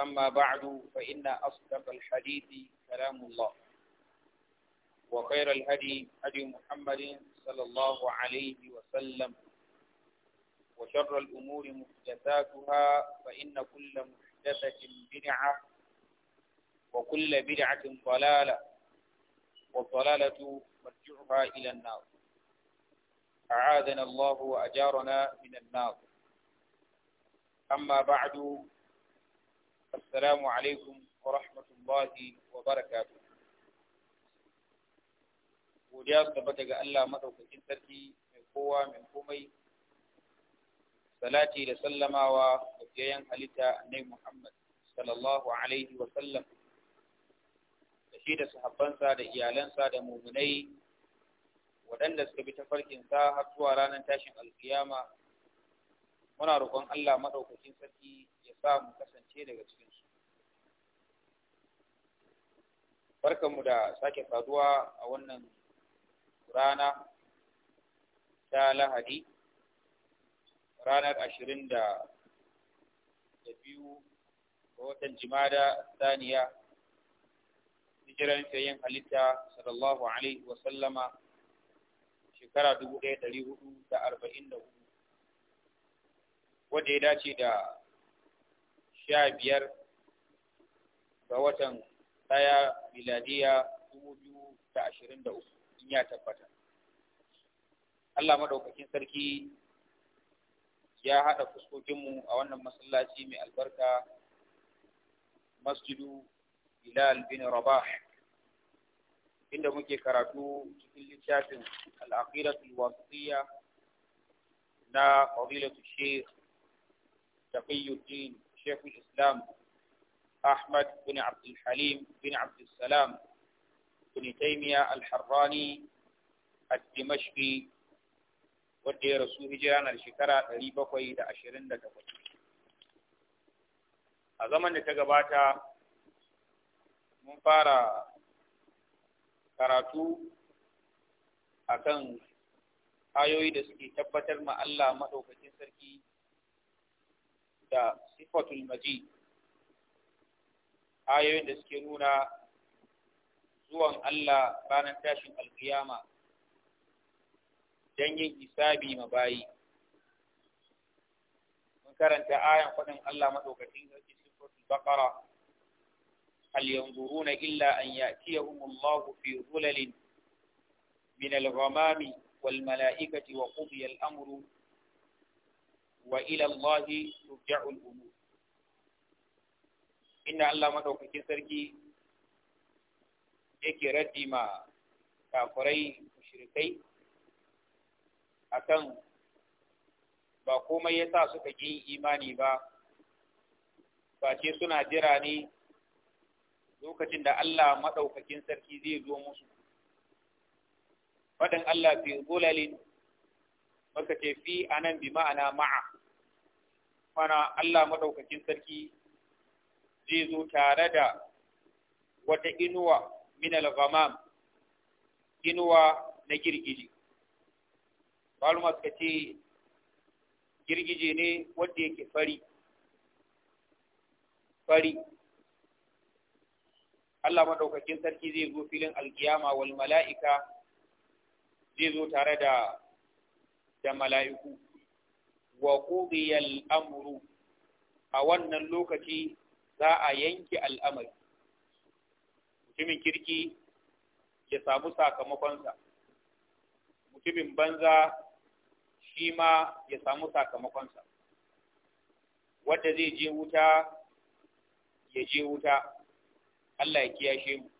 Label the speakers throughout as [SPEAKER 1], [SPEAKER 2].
[SPEAKER 1] أما بعد فإن أصدق الحديث كلام الله وخير الهدي هدي محمد صلى الله عليه وسلم وشر الأمور محدثاتها فإن كل محدثة بدعة وكل بدعة ضلالة والضلالة مرجعها إلى النار أعاذنا الله وأجارنا من النار أما بعد السلام عليكم ورحمة الله وبركاته godiya su tabbata ga Allah madaukakin sarki mai kowa mai komai salati da sallamawa ga jiyayen halitta annabi Muhammad sallallahu alaihi wa sallam da shi da sahabbansa da iyalansa da mumunai waɗanda suka bi tafarkinsa har zuwa ranar tashin alkiyama
[SPEAKER 2] muna roƙon Allah
[SPEAKER 1] maɗaukakin sarki ya sa mu kasance daga cikin barkanmu da sake saduwa a wannan rana ta lahadi ranar ashirin da biyu ga watan jimada saniya hijiran fiyayen halitta sallallahu alaihi wasallama shekara dubu ɗaya ɗari hudu da arba'in da hudu wadda ya dace da sha biyar ga watan ɗaya miladiya dubu biyu da ashirin da uku in ya tabbata Allah maɗaukakin sarki ya haɗa fuskokinmu a wannan masallaci mai albarka masjidu Bilal bin Rabah inda muke karatu cikin littafin al'aqidatul wasiyya na fadilatu Sheikh Taqiyuddin Islam Ahmad bin عبد bin بن عبد السلام بن تيمية الحراني الدمشقي wanda ya rasu hijira na shekara ɗari bakwai da ashirin da takwas a zaman da ta gabata mun fara karatu akan ayoyi da suke tabbatar ma Allah maɗaukakin sarki da sifatul majid ayoyin da suke nuna zuwan Allah ranar tashin alkiyama don yin hisabi ma bayi mun karanta ayan faɗin Allah maɗaukacin sarki suratul bakara hal na illa an ya'tiyahum Allah fi dhulalin min al wal mala'ikati wa qudiya amru wa ila Allah turja'u umur inda Allah madaukakin sarki yake raddi ma kafirai mushrikai akan ba komai yasa suka ƙi imani ba ba ce suna jira ne lokacin da Allah madaukakin sarki zai zo musu faɗin Allah fi zulalin maka ce fi anan bi ma'ana ma'a mana Allah madaukakin sarki zai zo tare da wata inuwa min al-ghamam inuwa na girgije maluma suka ce girgije ne wanda yake fari fari Allah madaukakin sarki zai zo filin alkiyama wal mala'ika zai zo tare da da mala'iku wa qudiyal amru a wannan lokaci za a yanke al'amari mutumin kirki ya samu sakamakonsa mutumin banza shi ma ya samu sakamakonsa wadda zai je wuta ya je wuta Allah ya kiyashe mu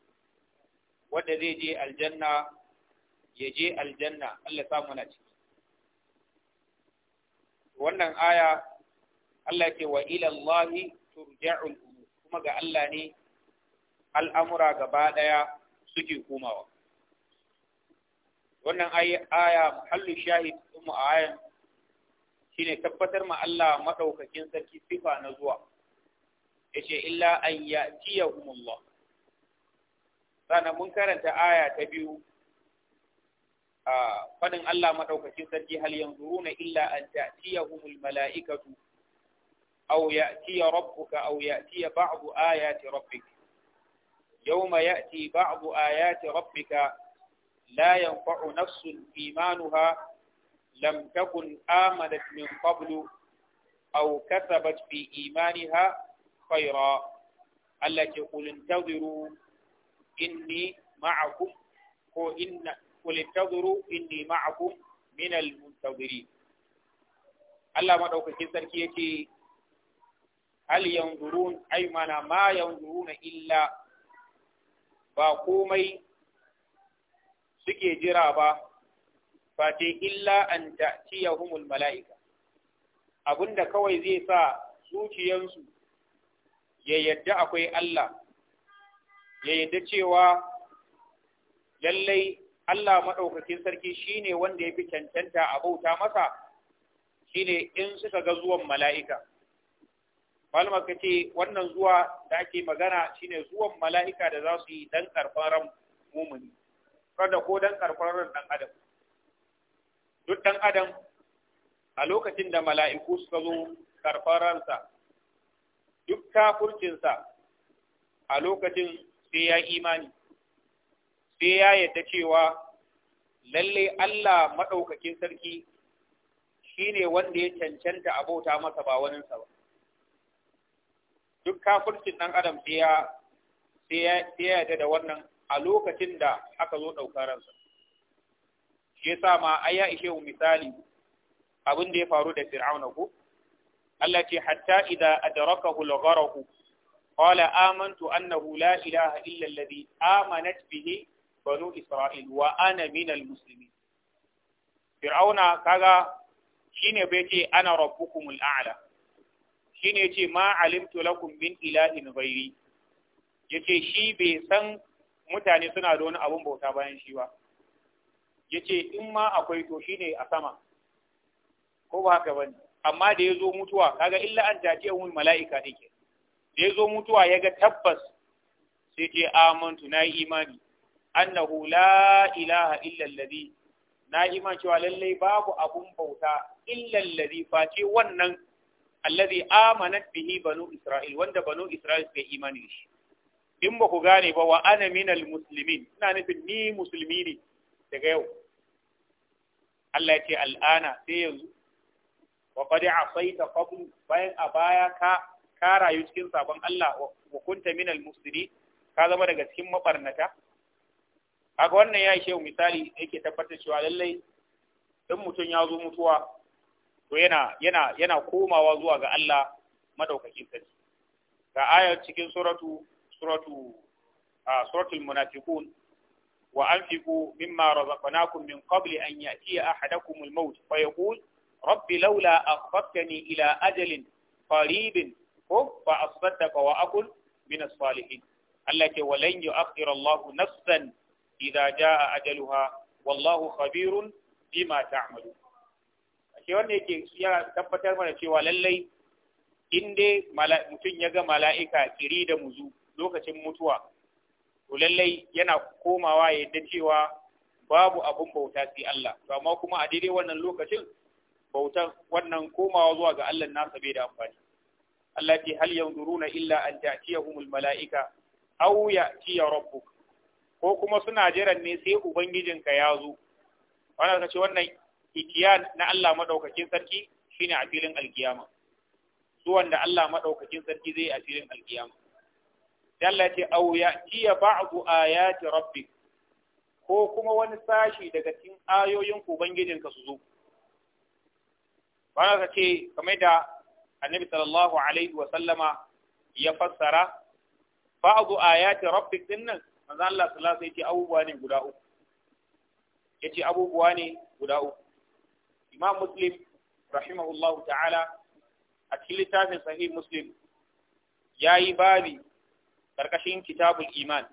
[SPEAKER 1] wadda zai je aljanna ya je aljanna Allah samu na ciki wannan aya Allah ce wa ila Allah turja'ul kuma ga Allah ne al'amura gaba ɗaya suke komawa. Wannan aya muhallin shahid mu a ayan shi ne tabbatar ma Allah maɗaukakin sarki sifa na zuwa, ya ce, Illa an ya ciye Allah. Sannan mun karanta aya ta biyu a faɗin Allah maɗaukakin sarki hal yanzu runa illa an ta ciye mala'ikatu أو يأتي ربك أو يأتي بعض آيات ربك يوم يأتي بعض آيات ربك لا ينفع نفس إيمانها لم تكن آمنت من قبل أو كسبت في إيمانها خيرا التي قل انتظروا إني معكم وإن قل انتظروا إني معكم من المنتظرين Allah maɗaukakin sarki yake hal yanzurun ay mana ma yanzuruna illa ba komai suke jira ba face illa an ta'tiyahumul mala'ika abinda kawai zai sa zuciyansu ya yadda akwai Allah ya yadda cewa lallai Allah maɗaukakin sarki shine wanda ya fi cancanta a bauta masa shine in suka ga zuwan mala'ika malama ka ce wannan zuwa da ake magana shine zuwan mala'ika da za su yi dan karɓar ran mumuni kada ko dan karɓar ran dan adam duk dan adam a lokacin da mala'iku suka zo karɓar ransa duk kafurcinsa a lokacin sai ya imani sai ya yadda cewa lalle Allah maɗaukakin sarki shine wanda ya cancanta abota masa ba waninsa ba duk kafircin ɗan adam sai ya yarda da wannan a lokacin da aka zo ɗaukararsa. ransa ya sa ma ai ya ishe misali abin da ya faru da fir'auna ko Allah ce hatta idan adaraka al ku, qala amantu annahu la ilaha illa amanat bihi banu isra'il wa ana min fir'auna kaga shine bai ce ana rabbukumul a'la shine ce ma alimtu lakum min ilahin ghairi yace shi bai san mutane suna da wani abun bauta bayan shi ba yace in ma akwai to shine a sama ko ba haka bane amma da yazo mutuwa kaga illa an taje wani mala'ika ke. da yazo mutuwa yaga tabbas sai ce amantu na yi imani annahu la ilaha illa Na na iman cewa lallai babu abun bauta illa face wannan allazi amanat bihi banu isra'il wanda banu isra'il ke imani shi in ba ku gane ba wa ana minal muslimin ina nufin ni musulmi ne daga yau Allah ya ce al'ana sai yanzu wa qad asaita qabl bayan a baya ka ka rayu cikin sabon Allah wa kunta minal muslimin ka zama daga cikin mabarnata kaga wannan ya shehu misali yake tabbatar cewa lallai in mutum ya zo mutuwa to yana yana yana komawa zuwa ga Allah madaukakin sarki ga ayar cikin suratu suratu a suratul munafiqun wa anfiqu mimma razaqnakum min qabli an ya'tiya ahadakum al-maut fa yaqul rabbi laula akhartani ila ajalin qaribin ko fa asaddaqa wa aqul min as-salihin Allah ke walan yu'akhir Allah nafsan idza jaa ajaluha wallahu khabirun bima ta'malun ashe wanda yake ya tabbatar mana cewa lallai in dai mutum ya ga mala'ika tsiri da muzu lokacin mutuwa to lallai yana komawa ya yadda cewa babu abin bauta sai Allah to amma kuma a daidai wannan lokacin bautar wannan komawa zuwa ga Allah nasa bai da amfani Allah ce hal yanzuruna illa an ta'tiyahumul mala'ika aw ya'tiya rabbuk ko kuma suna jiran ne sai ubangijinka ya zo wannan wannan itiyan na Allah madaukakin sarki shine a filin alkiyama su wanda Allah madaukakin sarki zai a filin alkiyama sai Allah ya ce aw ya'tiya ba'du ayati rabbik ko kuma wani sashi daga cikin ayoyin ubangijinka su zo Bana ka ce kamar da annabi sallallahu alaihi wa sallama ya fassara ba'du ayati rabbik dinnan manzo Allah sallallahu alaihi wa sallam ya ce abubuwa ne guda uku yace abubuwa ne guda uku imam muslim rahimahullahu ta'ala a cikin littafin sahih muslim ya yi babi ƙarƙashin kitabul iman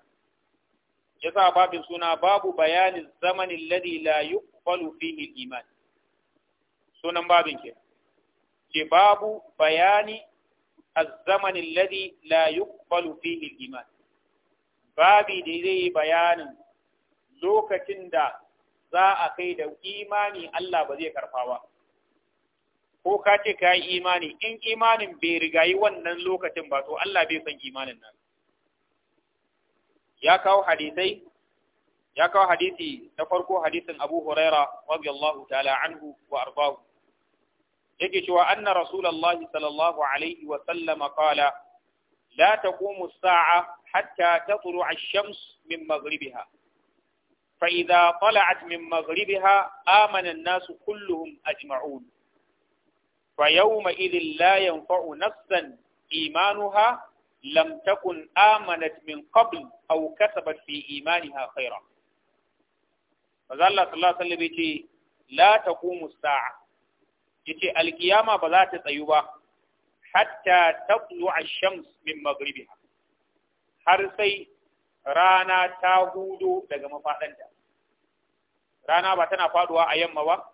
[SPEAKER 1] ya sa babin suna babu bayanin zamanin ladi la yuqbalu fihi iman sunan babin ke ke babu bayani ladi la لا يقبل فيه iman. babi da zai yi bayanin lokacin da za a kai da imani Allah ba zai karfa ba ko ka ce ka yi imani in imanin bai rigayi wannan lokacin ba to Allah bai san imanin nan ya kawo hadisai ya kawo hadisi na farko hadisin Abu Huraira radiyallahu ta'ala anhu wa ardahu yake cewa anna rasulallah, sallallahu alaihi wa sallama qala la taqumu as-sa'a hatta tatlu'a ash-shams min magribiha فإذا طلعت من مغربها آمن الناس كلهم أجمعون فيومئذ لا ينفع نفسا إيمانها لم تكن آمنت من قبل أو كسبت في إيمانها خيرا فذا الله صلى الله عليه وسلم لا تقوم الساعة يتي القيامة بذات طيبة حتى تطلع الشمس من مغربها har sai rana ta hudu daga mafaɗanta rana ba tana faduwa a yamma ba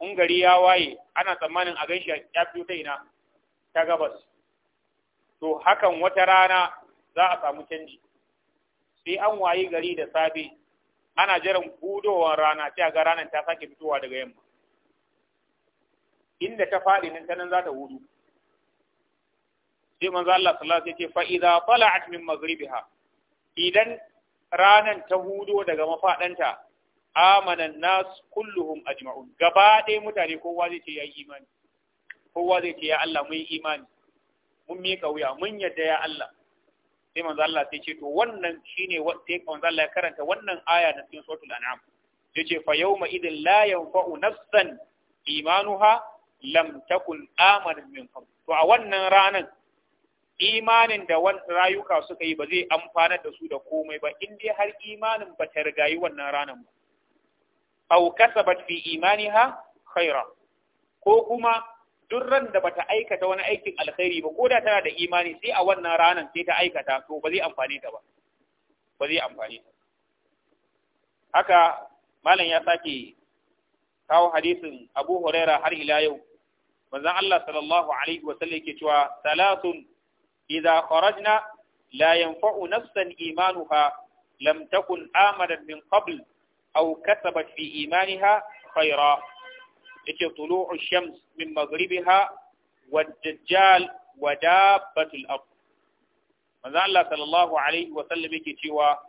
[SPEAKER 1] in gari ya waye ana tsammanin a ganshi ya fito ta ina ta gabas to hakan wata rana za a samu canji sai an wayi gari da safe ana jiran budowar rana sai ga ranar ta sake fitowa daga yamma inda ta faɗi nan tanan za ta hudu sai manzo Allah sallallahu alaihi wasallam ya fa idza tala'at min maghribiha idan ranan ta hudo daga mafaɗanta amanan nas kulluhum ajma'un gaba ɗaya mutane kowa zai ce ya yi imani kowa zai ce ya Allah mun yi imani mun miƙa wuya mun yadda ya Allah sai manzo Allah sai ce to wannan shine sai manzo Allah ya karanta wannan aya na cikin suratul an'am ce fa yawma idin la yanfa'u nafsan imanuha lam takun amana min qabl to a wannan ranan imanin da rayuka suka yi ba zai amfana da su da komai ba in dai har imanin ba ta rigayi wannan ranan ba aw kasabat fi imaniha khaira ko kuma duk ran da bata aikata wani aikin alkhairi ba ko da tana da imani sai a wannan ranan sai ta aikata to ba zai amfane ta ba ba zai amfane ta haka malam ya sake kawo hadisin Abu Huraira har ila yau manzon Allah sallallahu alaihi wa sallam yake cewa salatun idza kharajna la yanfa'u nafsan imanuha lam takun amadan min qabl aw kasabat fi imaniha khaira yace tulu'u shams min maghribiha wad dajjal wa dabbatul ard manzo sallallahu alaihi wa sallam yake cewa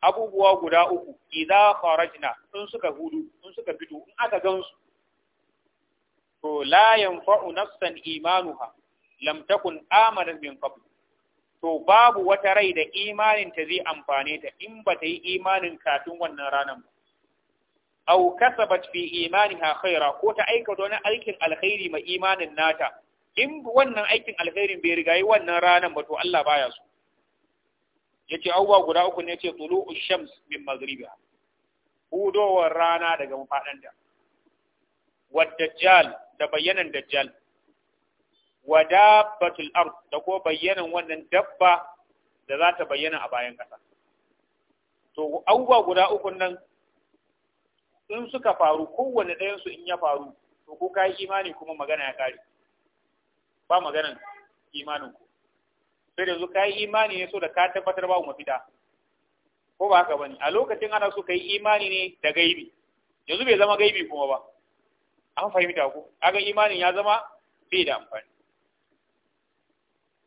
[SPEAKER 1] abubuwa guda uku idza kharajna in suka hudu in suka fito in aka gansu to la yanfa'u nafsan min to babu wata rai da imanin ta zai amfane ta in ba ta yi imanin kafin wannan ranar ba aw kasabat fi imaniha khaira ko ta aika wani aikin alkhairi mai imanin nata in wannan aikin alkhairin bai rigayi wannan ranan ba to Allah baya so yace awwa guda uku ne yace tulu'u shams min maghribiha hudowar rana daga mafadanta wa dajjal da Bayanan dajjal wa dabbatul ard da ko bayanan wannan dabba da za ta bayyana a bayan kasa to awwa guda uku nan in suka faru kowanne ɗayansu in ya faru to ko kai imani kuma magana ya kare ba maganan imanin ku sai da zuka yi imani ne so da ka tabbatar ba mafita ko ba haka bane a lokacin ana so kai imani ne da gaibi yanzu bai zama gaibi kuma ba an fahimta ku aga imanin ya zama bai da amfani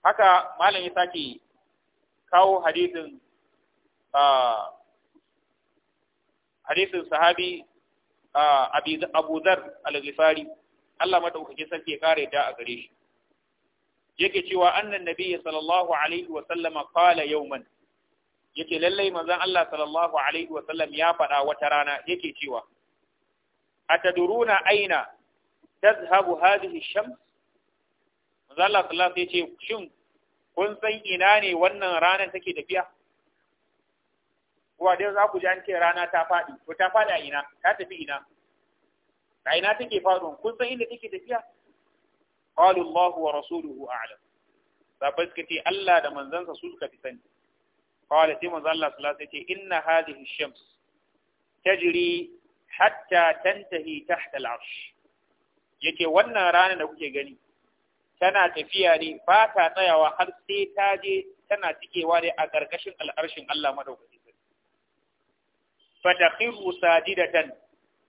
[SPEAKER 1] haka malam ya sake kawo hadisin ah, hadisin sahabi Abu Dhar al-Ghifari Allah madaukakin sarki ya kare da a gare shi yake cewa annan nabiyyi sallallahu alaihi wa sallama qala yawman yake lallai manzon Allah sallallahu alaihi wa sallam ya faɗa wata rana yake cewa ataduruna aina tazhabu hadhihi ash-shams manzon Allah sallallahu alaihi wa sallam yace shin kun san ina ne wannan ranar take tafiya Kuwa dai za ku ji an ce rana ta faɗi ko ta faɗi a ina ta tafi ina a ina take faɗo kun san inda take tafiya qalu Allah wa rasuluhu a'lam sabai suka ce Allah da manzansa su suka fi sani qala sai manzo Allah sallallahu alaihi wasallam ce inna hadhihi shams tajri hatta tantahi tahta al-arsh yake wannan rana da kuke gani tana tafiya ne ba ta tsayawa har sai ta je tana cikewa ne a ƙarƙashin al'arshin Allah madaukaki fatakhiru sajidatan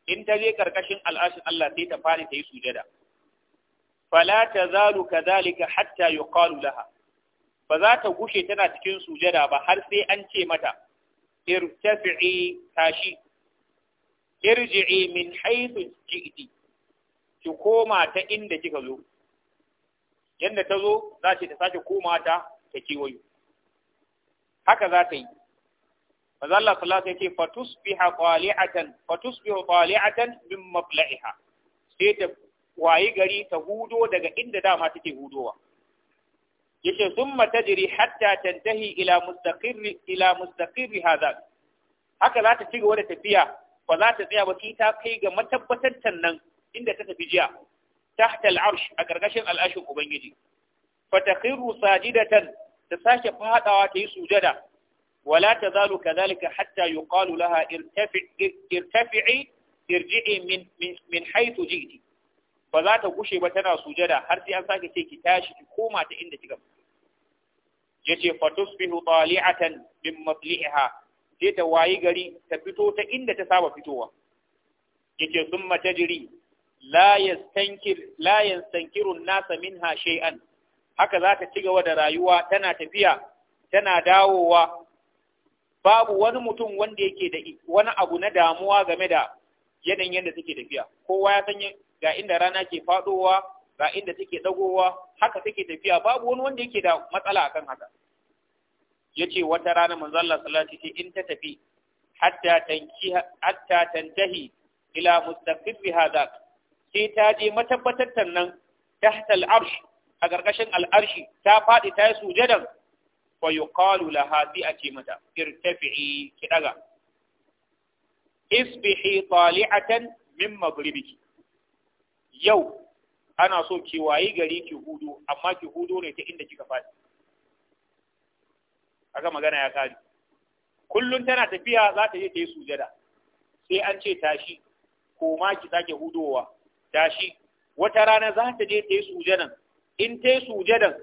[SPEAKER 1] in ta je karkashin al'ashin Allah sai ta fara ta yi sujada fala tazalu kadhalika hatta yuqalu laha ba za ta gushe tana cikin sujada ba har sai an ce mata irtafi'i tashi irji'i min haythu ji'ti ki koma ta inda kika zo yanda ta zo za ta sake koma ta ta kewayo haka za ta yi manzo Allah sallallahu alaihi wasallam yake fatusbiha qali'atan fatusbihu qali'atan min sai ta wayi gari ta hudo daga inda dama take hudowa yace thumma tajri hatta tantahi ila mustaqirri ila mustaqirri hadha haka za ta ci gaba da tafiya ba za ta tsaya ba sai ta kai ga matabbatar nan inda ta tafi jiya tahta al-arsh a gargashin al'ashin ubangiji fatakhiru sajidatan ta sake fadawa ta yi sujada ولا تزال كذلك حتى يقال لها ارتفعي ارتفعي ارجعي من من من حيث جئتي فذا تغشي وتنا سجدا har sai an sake ce ki tashi ki koma ta inda kika yace fa tali'atan min matli'iha sai ta wayi gari ta fito ta inda ta saba fitowa yace summa tajri la yastankir la yastankiru an-nasa minha shay'an haka za ta ci gaba da rayuwa tana tafiya tana dawowa babu wani mutum wanda yake da wani abu na damuwa game da yanayin yadda take tafiya kowa ya san ga inda rana ke fadowa ga inda take dagowa haka take tafiya babu wani wanda yake da matsala akan haka yace wata rana manzo Allah sallallahu alaihi wasallam in ta tafi hatta tanki hatta tantahi ila mustaqbil hadak sai ta je matabbatar nan tahta al-arsh a gargashin al-arshi ta faɗi ta yi sujadan fa yuqalu laha sai a ce mata irtafi'i ki daga isbihi tali'atan min maghribiki yau ana so ki wayi gari ki hudu amma ki hudu ne ta inda kika fadi aka magana ya kare kullun tana tafiya za ta je ta yi sujada sai an ce tashi ko ma ki sake hudowa tashi wata rana za ta je ta yi in ta sujadan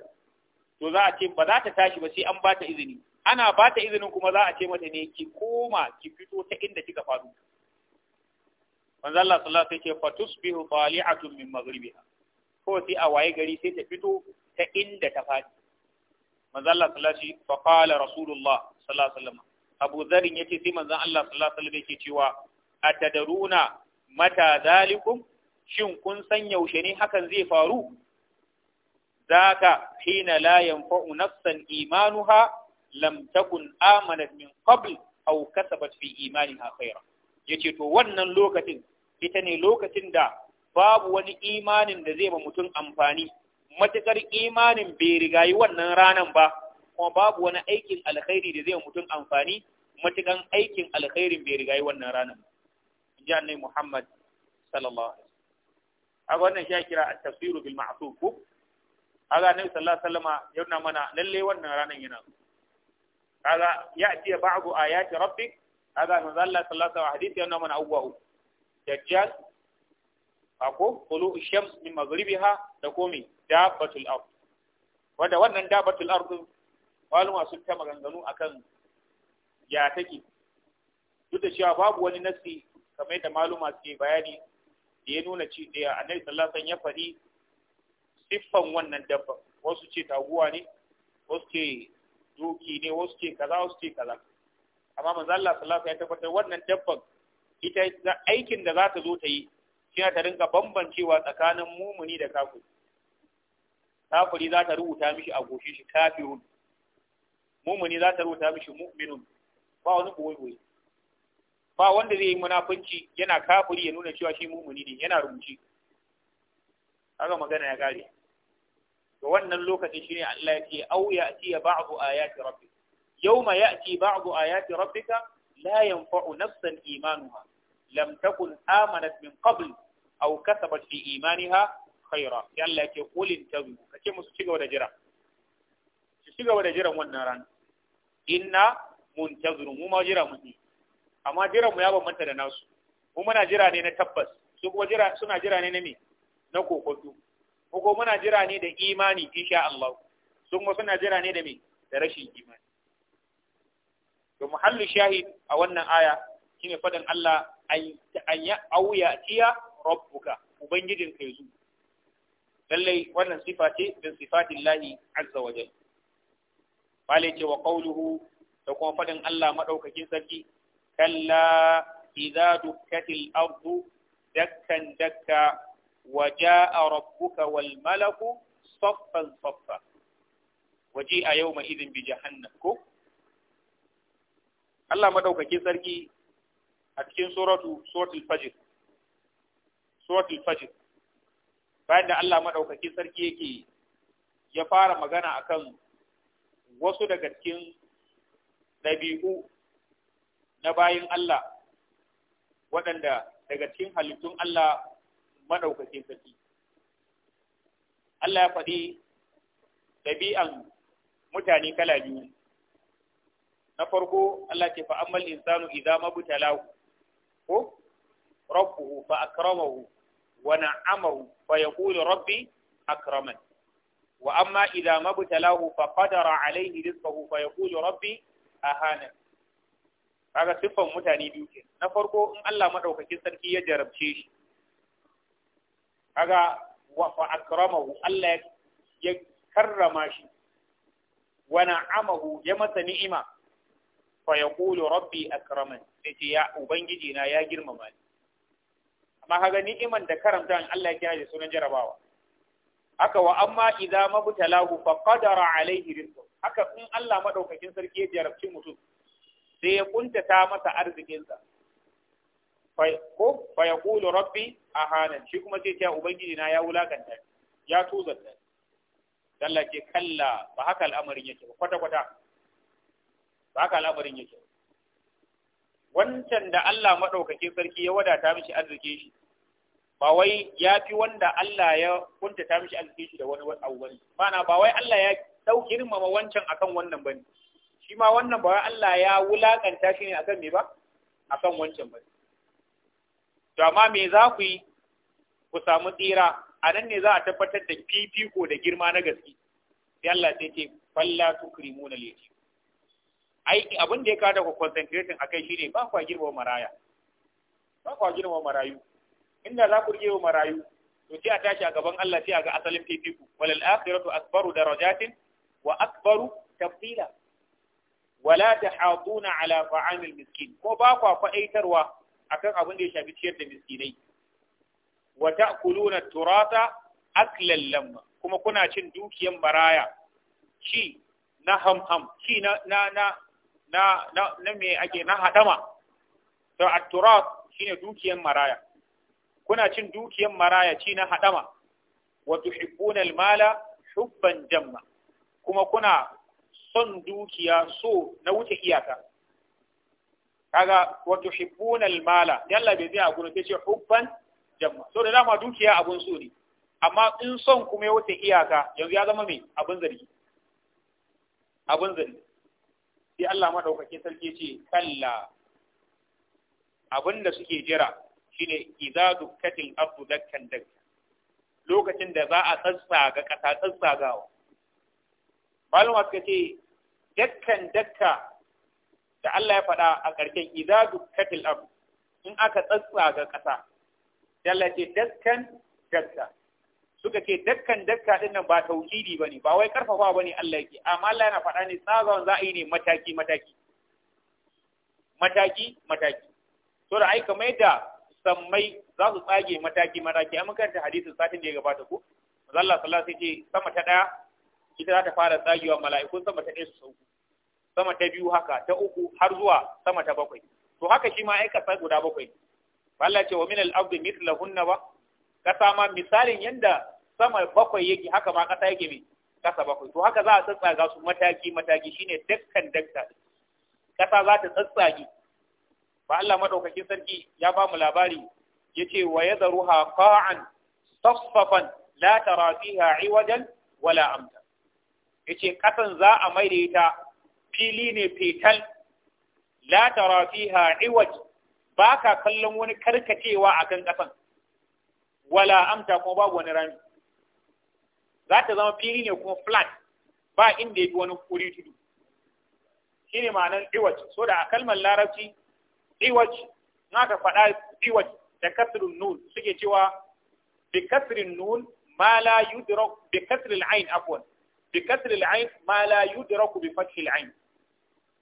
[SPEAKER 1] to za a ce ba za ta tashi ba sai an ba ta izini ana ba ta izinin kuma za a ce mata ne ki koma ki fito ta inda kika faru manzo Allah sallallahu alaihi wasallam fa tusbihu tali'atun min maghribiha ko sai a waye gari sai ta fito ta inda ta faɗi. manzo Allah sallallahu alaihi fa qala rasulullah sallallahu alaihi wasallam Abu Dharr yace sai manzo Allah sallallahu alaihi wasallam yake cewa atadaruna mata zalikum shin kun san yaushe ne hakan zai faru ذاك حين لا ينفع نفسا إيمانها لم تكن آمنت من قبل أو كسبت في إيمانها خيرا yace to wannan lokacin ita ne lokacin da babu wani imanin da zai ba mutum amfani matukar imanin bai rigayi wannan ranan ba kuma babu wani aikin alkhairi da zai ba mutum amfani matukan aikin alkhairin bai rigayi wannan ranan inji annabi Muhammad sallallahu alaihi wasallam a wannan shakira at-tafsir bil ma'suf aga annabi sallallahu alaihi wasallama ya nuna mana lalle wannan ranan yana kaga ya tiya ba'du ayati rabbik aga manzo Allah sallallahu alaihi hadisi ya nuna mana abubuwa dajjal ako tulu shams min maghribiha da komi dabbatul ard wanda wannan dabbatul ard walu sun ta maganganu akan ya take duk da cewa babu wani nasi kamar yadda maluma suke bayani da ya nuna ci da annabi sallallahu alaihi wasallam ya faɗi siffan wannan dabba wasu ce taguwa ne wasu ce doki ne wasu ce kaza wasu ce kaza amma manzo Allah sallallahu alaihi wasallam ya tabbatar wannan dabban ita aikin da za ta zo ta yi shi ta rinka bambancewa tsakanin mumuni da kafiri kafiri za ta rubuta mishi a goshin shi kafirun mumuni za ta rubuta mishi mu'minun ba wani boye ba wanda zai yi munafunci yana kafiri ya nuna cewa shi mumuni ne yana rubuci haka magana ya kare to wannan lokacin shine Allah ya ce au ya'ti ba'du ayati rabbika yawma ya'ti ba'du ayati rabbika la yanfa'u nafsan imanuha lam takun amanat min qabl aw kasabat fi imaniha khaira Yalla Allah ya ce qul intazu kace musu cigaba da jira su cigaba da jiran wannan ran inna muntazirun mu ma jira muke amma jiran mu ya bambanta da nasu mu muna jira ne na tabbas su kuma jira suna jira ne na me na kokoto ko muna jira ne da imani insha Allah sun wasu na jira ne da me da rashin imani Da muhallu shahid a wannan aya shine faɗin Allah an ya auya tiya rabbuka ubangijin kai zu lallai wannan sifa ce bin sifatillahi azza wa jalla bale ce wa qawluhu da kuma faɗin Allah maɗaukakin sarki, kalla idza dukkatil ardu dakkan dakka وجاء ربك والملك صفا صفا وجيء يومئذ بجهنم كو الله مدوكاكي سركي أتكين سورة سورة الفجر سورة الفجر bayan da Allah maɗaukakin sarki yake ya fara magana akan wasu daga cikin ɗabi'u na bayan Allah waɗanda daga cikin halittun Allah madaukakin sarki Allah ya faɗi ɗabi'an mutane kala biyu na farko Allah ce fa ammal insanu idza mabtalahu ko rabbuhu fa akramahu wa na'amahu fa yaqulu rabbi akraman wa amma idza mabtalahu fa qadara alayhi rizqahu fa yaqulu rabbi ahana kaga siffan mutane biyu ke na farko in Allah madaukakin sarki ya jarabce shi kaga wa akramahu Allah ya karrama shi wa na'amahu ya masa ni'ima fa yaqulu rabbi akraman sai ya ubangiji na ya girmama ni amma kaga ni'iman da karamta Allah ya kira da sunan jarabawa haka wa amma idza mabtalahu fa qadara alaihi rizqu haka in Allah madaukakin sarki ya jarabci mutum sai ya kuntata masa arzikinsa ko fa yaqulu rabbi ahana shi kuma sai ta ubangiji na ya wulakanta ya tuzanta Allah ke kalla ba haka al'amarin yake ba kwata kwata ba haka al'amarin yake wancan da Allah madaukake sarki ya wadata mishi arziki shi ba wai ya fi wanda Allah ya kunta ta mishi arziki shi da wani abu bane mana ba wai Allah ya dau ma wancan akan wannan bane shi ma wannan ba wai Allah ya wulakanta shi ne akan me ba akan wancan bane to amma me za ku yi ku samu tsira a nan ne za a tabbatar da fifiko da girma na gaske sai Allah sai ce falla tukrimuna lati ai abin da ya kada ku concentration akai shine ba kwa girma maraya ba kwa girma marayu inda za ku girma marayu to sai a tashi a gaban Allah sai a ga asalin fifiko walal akhiratu asbaru darajatin wa akbaru tafdila wala tahaduna ala ta'amil miskin ko ba kwa fa'itarwa akan abin da ya shafi ciyar da miskinai wa ta'kuluna turata aklan lamma kuma kuna cin dukiyan baraya ci na hamham ci na na na na na me ake na hadama to at-turat shine dukiyan maraya kuna cin dukiyan maraya ci na hadama wa tuhibbuna al-mala hubban jamma kuma kuna son dukiya so na wuce iyaka kaga wato hibbuna almala yalla bai zai a sai ce hubban jamma so da dama dukiya abun so ne amma in son kuma ya wuce iyaka yanzu ya zama mai abun zargi abun zargi sai Allah madaukake sarki ce kalla abinda suke jira shine idza dukkatil ardu dakkan dakka lokacin da za a tsatsaga kasa tsatsagawa malama suka ce dakkan dakka da Allah ya faɗa a ƙarshen idza dukkatil ard in aka tsatsa ga ƙasa dalla ce dakkan dakka suka ce dakkan dakka din nan ba tauhidi bane ba wai karfafa bane Allah yake amma Allah yana faɗa ne tsagawan za a yi ne mataki mataki mataki mataki to da aika mai da sammai za su tsage mataki mataki an ta hadisin satin da ya gabata ko manzo Allah sallallahu alaihi wasallam sai ce sama ta daya ita za ta fara tsagewa mala'iku sama ta ɗaya su sauko sama ta biyu haka ta uku har zuwa sama ta bakwai to haka shi ma ai guda bakwai Allah ce wa min al-ardi mithluhunna ba kasa ma misalin yanda sama bakwai yake haka ma kasa yake mai kasa bakwai to haka za a tsatsaga su mataki mataki shine dakkan dakka kasa za ta tsatsage ba Allah madaukakin sarki ya ba mu labari yace wa yadruha qa'an saffafan la tara fiha iwajan wala amta yace kasan za a maida ita fili ne fetal la tara fiha iwaj ba kallon wani karkacewa a kan ƙasan wala amta kuma babu wani rami za ta zama fili ne kuma flat ba inda ya wani kuri tudu shi ne ma'anar iwaj so da a kalmar larabci iwaj na ka faɗa iwaj da kasirin nun suke cewa bi kasirin nun ma la yudrak bi kasirin ain afwan bi ain ma la yudrak bi fathil ain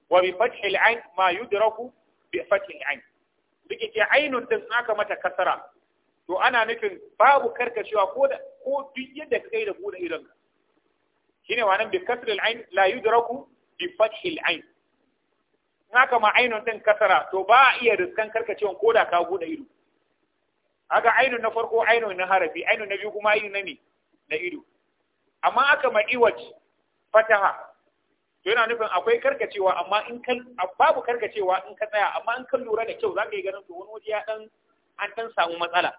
[SPEAKER 1] wa bi fathil ain ma yudraku bi fathil ain duk ce ainun din aka mata kasara to ana nufin babu karkashewa ko da ko duk yadda kai da bude idan shine wannan bi kasril ain la yudraku bi fathil ain haka ma ainun din kasara to ba a iya riskan karkacewan ko da ka bude ido aga ainun na farko ainun na harafi ainun na biyu kuma ainun na ne na ido amma aka ma iwaj fataha to yana nufin akwai karkacewa amma in kan babu karkacewa in ka tsaya amma in kan lura da kyau za ka yi ganin to wani waje ya dan an dan samu matsala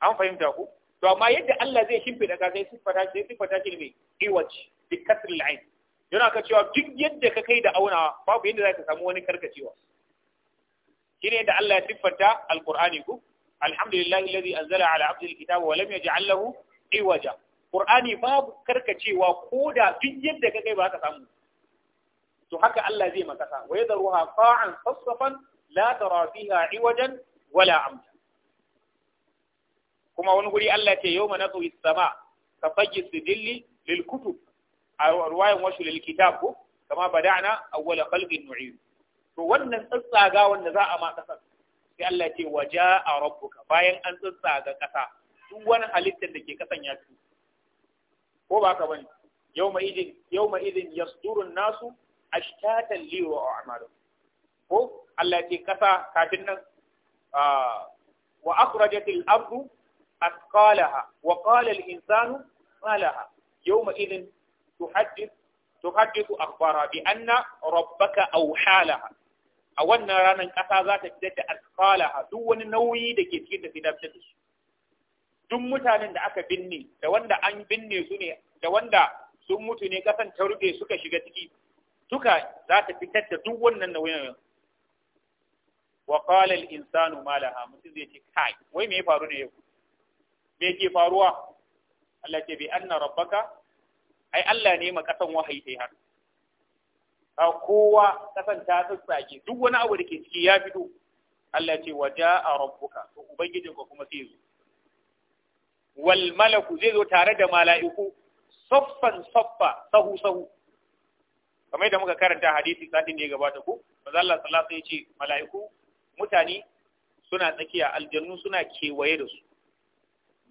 [SPEAKER 1] an fahimta ku to amma yadda Allah zai shimfe da sai sifata sai sifata shi ne iwaci bi kasril ain yana ka cewa duk yadda ka kai da aunawa babu yadda za ka samu wani karkacewa shine yadda Allah ya siffanta alqur'ani ku alhamdulillahi alladhi anzala ala abdihi alkitaba wa lam yaj'al lahu iwaja Qur'ani babu karkacewa ko da duk yadda ka kai ba ka samu to haka Allah zai maka sa wa yadruha qa'an fasfan la tara fiha iwajan wala amta kuma wani guri Allah ce yawma natwi sama ka fage su dilli kutub a ruwayan wasu lil ko kama bada'na awwala khalqin nu'id to wannan tsatsaga wanda za a ma ƙasar, sai Allah ce waje a rabbuka bayan an tsatsaga kasa duk wani halittar da ke kasan ya ko ba ka bane yawma idin yawma idin yasdurun nasu ashtatan li wa a'malu ko Allah ya ce kasa kafin nan wa akhrajatil ardu asqalaha wa qala al insanu ma laha yawma idhin tuhaddith tuhaddithu akhbara bi anna rabbaka awhalaha a wannan ranar ƙasa za ta fitar da asfalaha duk wani nauyi da ke cikin da sai ta fitar da shi duk mutanen da aka binne da wanda an binne su ne da wanda sun mutu ne ƙasan ta rufe suka shiga ciki duka za ta fitar da duk wannan nauyin wa qala al insanu ma laha mutum zai ce kai wai me ya faru ne yau me ke faruwa Allah ce bi anna rabbaka ai Allah ne ma kasan wahayi sai har a kowa kasan ta tsatsage duk wani abu da ke ciki ya fito Allah ce wa a rabbuka to ubangijin ka kuma sai zo wal malaku zai zo tare da mala'iku saffan saffa sahu sahu kamar yadda muka karanta hadisi satin da ya gabata ku manzo Allah sallallahu alaihi wasallam ya ce mala'iku mutane suna tsakiya aljannu suna kewaye da su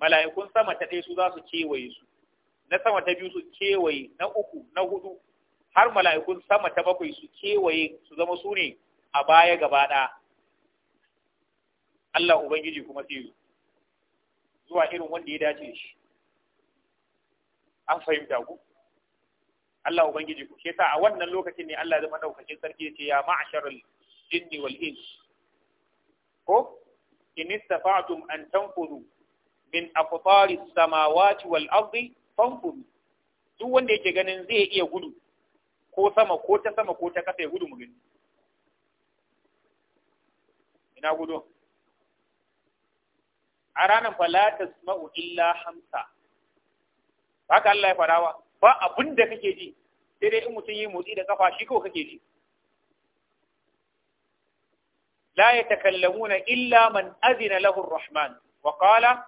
[SPEAKER 1] mala'ikun sama ta ɗaya su za su kewaye su na sama ta biyu su kewaye na uku na hudu har mala'ikun sama ta bakwai su kewaye su zama su ne a baya gaba ɗaya Allah Ubangiji kuma sai zuwa irin wanda ya dace shi an fahimta ku Allah ubangiji ku sa a wannan lokacin ne Allah ya madaukakin sarki ce ya ma'sharal jinni wal in. ko in istata'tum an tanfudu min aqtari samawati wal ardi fanfudu duk wanda yake ganin zai iya gudu ko sama ko ta sama ko ta kasa ya gudu mu gani ina gudu a ranar fa la tasma'u illa hamsa haka Allah ya farawa ba abin da kake ji sai dai in mutum yi motsi da kafa shi kawai kake ji la ya yatakallamuna illa man azina lahu rahman wa qala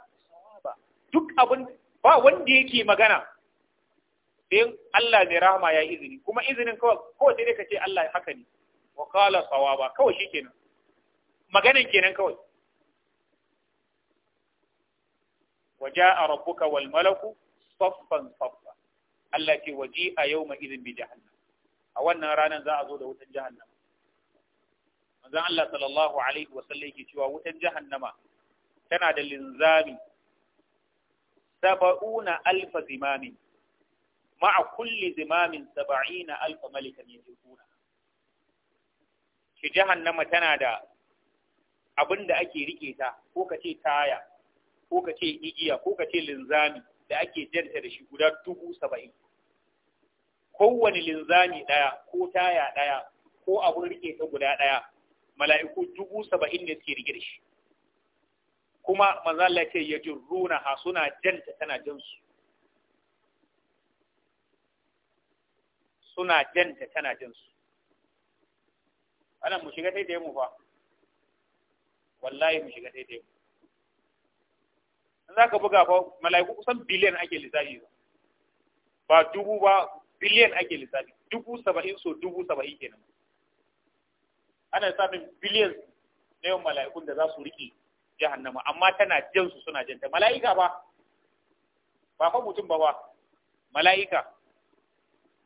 [SPEAKER 1] duk abin ba wanda yake magana sai Allah mai rahama ya izini kuma izinin kawai kawai sai dai ka ce Allah ya haka ne wa qala sawaba kawai shikenan maganan kenan kawai waja'a rabbuka wal malaku saffan saffan Allah ce waji a yau ma izin bi jahannam a wannan ranar za a zo da wutan jahannama manzon Allah sallallahu alaihi wasallam yake cewa wutan jahannama tana da linzami saba'una alfa zimamin ma'a kulli zimamin saba'ina alfa malikan yajibuna shi jahannama tana da abin da ake rike ta ko ka ce taya ko ka ce igiya ko ka ce linzami da ake jarta da shi guda dubu saba'in kowane linzami ɗaya ko taya ɗaya ko abun rike ta guda ɗaya mala'iku dubu saba'in da suke rigir shi kuma manzala ce ya runa ha suna janta tana jinsu suna janta tana jinsu ana mu shiga sai da mu fa wallahi mu shiga sai da mu za ka buga fa mala'iku kusan biliyan ake lissafi ba dubu ba biliyan ake lissafi dubu saba'in so dubu saba'in kenan ana samun biliyan na yawan mala'ikun da za su riƙe jahannama amma tana jan su suna janta mala'ika ba ba fa mutum ba ba mala'ika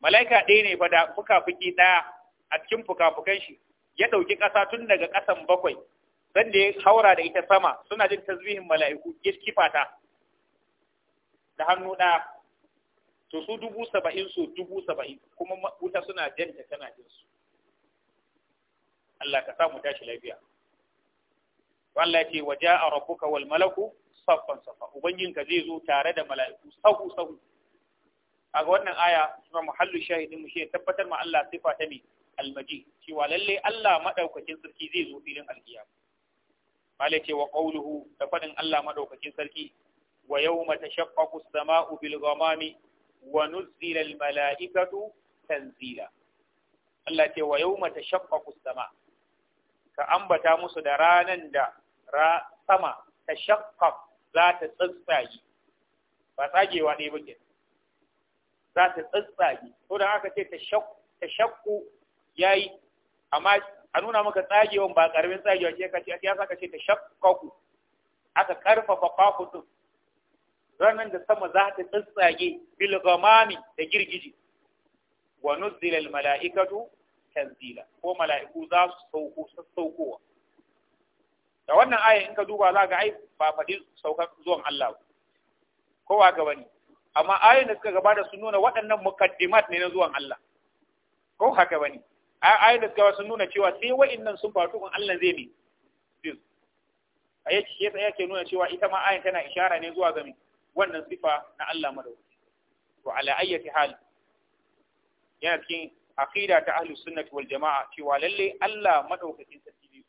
[SPEAKER 1] mala'ika ɗaya ne fa da fuka-fuki ɗaya a cikin fuka-fukan shi ya ɗauki ƙasa tun daga ƙasan bakwai dan da ya haura da ita sama suna jin tasbihin mala'iku ya kifa ta da hannu ɗaya to su dubu saba'in su dubu saba'in kuma wuta suna janta tana jin su Allah ka samu tashi lafiya Allah ce wa ja'a rabbuka wal malaku saffan safa ka zai zo tare da mala'iku sahu sahu a ga wannan aya kuma muhallu shahidin mu shi tabbatar ma Allah sifa ta ne almaji cewa lalle Allah madaukakin sarki zai zo filin alkiyama malai ce wa qawluhu da fadin Allah madaukakin sarki wa yawma tashaqqaqu as-sama'u bil ghamami wa nuzila al mala'ikatu tanzila Allah ce wa yawma shaffa ku sama ka ambata musu da ranan da ra sama tashaqqaq za ta tsatsaye ba tsagewa ne ba kenan za ta tsatsage to da aka ce ta shakku ya yi amma a nuna maka tsagewan ba karamin tsagewa ke kace ya saka ce ta shakkaku aka karfafa kafu din ranan da sama za ta tsage bil gamami da girgiji wa nuzila al malaikatu tanzila ko mala'iku za su sauko sassaukowa da wannan aya in ka duba za ka ai ba faɗi saukar zuwan Allah kowa ga wani amma ayoyin da suka gabata sun nuna waɗannan mukaddimat ne na zuwan Allah ko haka bane ayoyin da suka sun nuna cewa sai wa'annan sun faru in Allah zai ne ayyaci shi yasa yake nuna cewa ita ma ayin tana ishara ne zuwa ga wannan sifa na Allah madawwaci to ala ayyati hal yana cikin aqida ta ahli sunnati wal jamaa cewa lalle Allah madaukakin sarki ne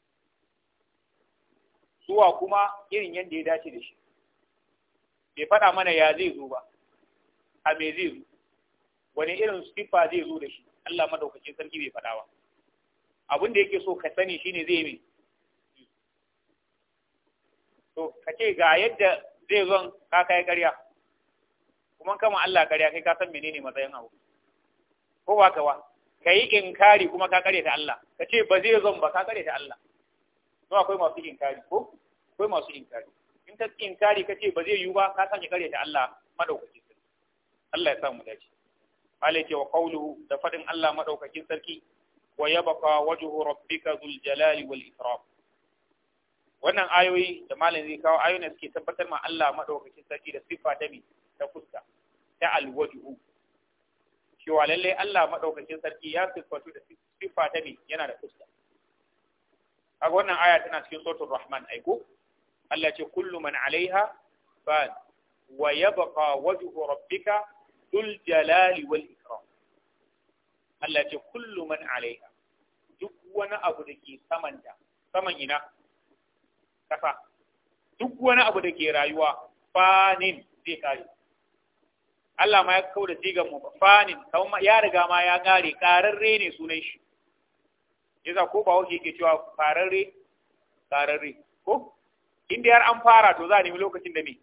[SPEAKER 1] zuwa kuma irin yanda ya dace da shi bai faɗa mana ya zai zo ba a me zai zo wani irin sifa zai zo da shi Allah madaukakin sarki bai faɗa ba abin da yake so ka sani shine zai yi to ka ce ga yadda zai zon ka kai ƙarya kuma kama Allah ƙarya kai ka san menene matsayin abu ko ba ka ba ka yi inkari kuma ka ƙare ta Allah ka ce ba zai zon ba ka ƙare ta Allah to akwai masu inkari ko akwai masu inkari in ka inkari ka ce ba zai yiwu ba ka sanya ƙare ta Allah madaukakin Allah ya sa mu dace alaita wa qawluhu da fadin Allah madaukakin sarki wa yabqa wajhu rabbika jalali wal ikram wannan ayoyi da malam zai kawo ayoyi ne suke tabbatar ma Allah madaukakin sarki da siffa ta mi ta fuska ta alwajhu cewa lalle Allah madaukakin sarki ya siffatu da siffa ta yana da fuska kaga wannan aya tana cikin suratul rahman ai ko Allah ce kullu man alaiha fa wa yabqa wajhu rabbika dul jalali wal ikram Allah ce kullu man alaiha duk wani abu da ke saman da saman ina kasa duk wani abu da ke rayuwa fanin zai kare Allah ma ya kauda sigan mu fanin kawai ya riga ma ya kare kararre ne sunan shi yasa ko ba wake ke cewa fararre kararre ko indiyar an fara to za a nemi lokacin da me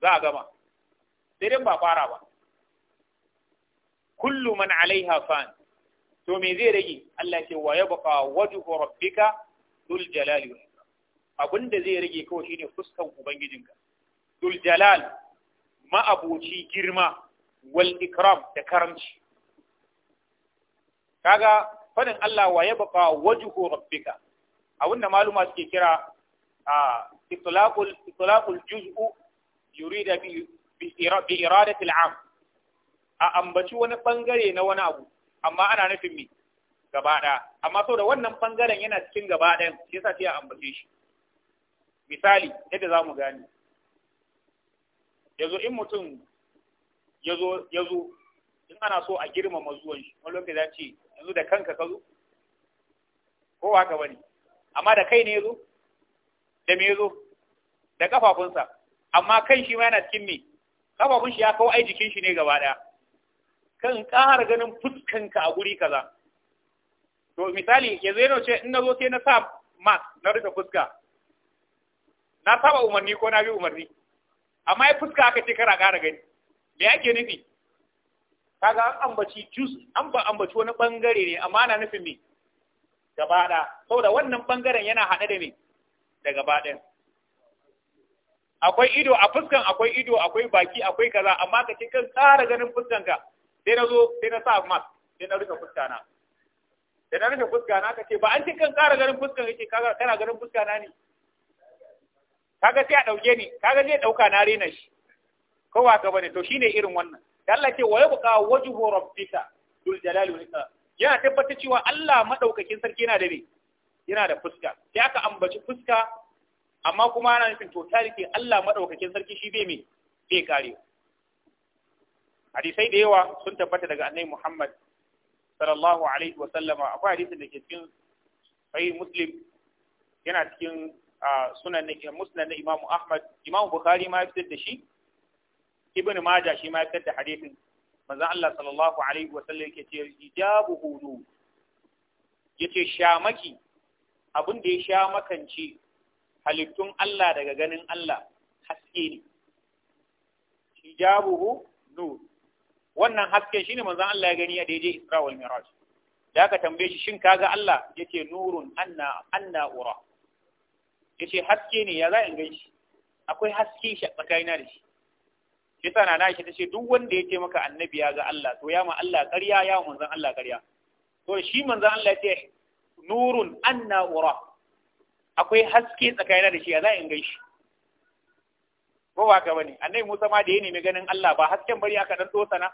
[SPEAKER 1] za a gama sai dai ba fara ba kullu man alaiha fan to me zai rage Allah ce wa yabqa wajhu rabbika dul jalali wal ikram abinda zai rage kawai shine fuskan ubangijinka dul jalal ma'abuci girma wal ikram da karamci kaga fadin Allah wa yabqa wajhu rabbika abinda maluma suke kira a itlaqul itlaqul juz'u yurida bi bi iradati al-am a ambaci wani bangare na wani abu amma ana nufin mi gaba ɗaya amma da wannan bangaren yana cikin gaba ɗayan shi yasa sai a ambace shi misali yadda za mu gane yazo in mutum yazo yazo in ana so a girmama zuwan shi wani lokaci za ce yanzu da kanka ka zo ko haka bani amma da kai ne yazo da me yazo da kafafunsa amma kan shi ma yana cikin me kafafun shi ya kawo ai jikin shi ne gaba ɗaya kan ƙara ganin fuskanka a guri kaza to misali ya zai ce in na zo sai na sa mask na rufe fuska na saba umarni ko na bi umarni amma ya fuska aka ce kara ƙara gani me yake nufi kaga an ambaci jus an ba ambaci wani bangare ne amma ana nufin me gaba ɗaya saboda wannan bangaren yana haɗe da me da gaba ɗaya akwai ido a fuskan akwai ido akwai baki akwai kaza amma ka ce kan ƙara ganin fuskanka sai na zo sai na sa mask sai na rufe fuska na da na rufe fuska na ka ba an cikin kara garin ganin fuskan yake kaga kana ganin fuska na ne kaga sai a ɗauke ni kaga zai ɗauka na rena shi ko ba ka bane to shine irin wannan da Allah ce wa yabqa wajhu rabbika dul jalali wal ikram yana tabbata cewa Allah madaukakin sarki yana da me yana da fuska sai aka ambaci fuska amma kuma ana nufin totality Allah madaukakin sarki shi bai me bai karewa hadisai da yawa sun tabbata daga annabi Muhammad sallallahu alaihi wa sallama akwai hadisin da ke cikin sahih Muslim yana cikin sunan musnad na imamu Ahmad imamu Bukhari ma ya fitar da shi Ibn Majah shi ma ya fitar da hadisin manzon Allah sallallahu alaihi wa sallam yake ce ijabu hudu yace shamaki abin da ya sha makance halittun Allah daga ganin Allah haske ne ijabu nur wannan hasken shine manzon Allah ya gani a daidai Isra wal Miraj da aka tambaye shi shin kaga Allah yace nurun anna anna ura yace haske ne ya za in gaishe akwai haske shi tsakanina da shi yasa na nashi tace duk wanda yace maka annabi ya ga Allah to ya ma Allah ƙarya ya manzon Allah ƙarya to shi manzon Allah yace nurun anna ura akwai haske tsakanina da shi ya za in gaishe ko ba ka bane annabi Musa ma da ya nemi ganin Allah ba hasken bari aka dan dosa na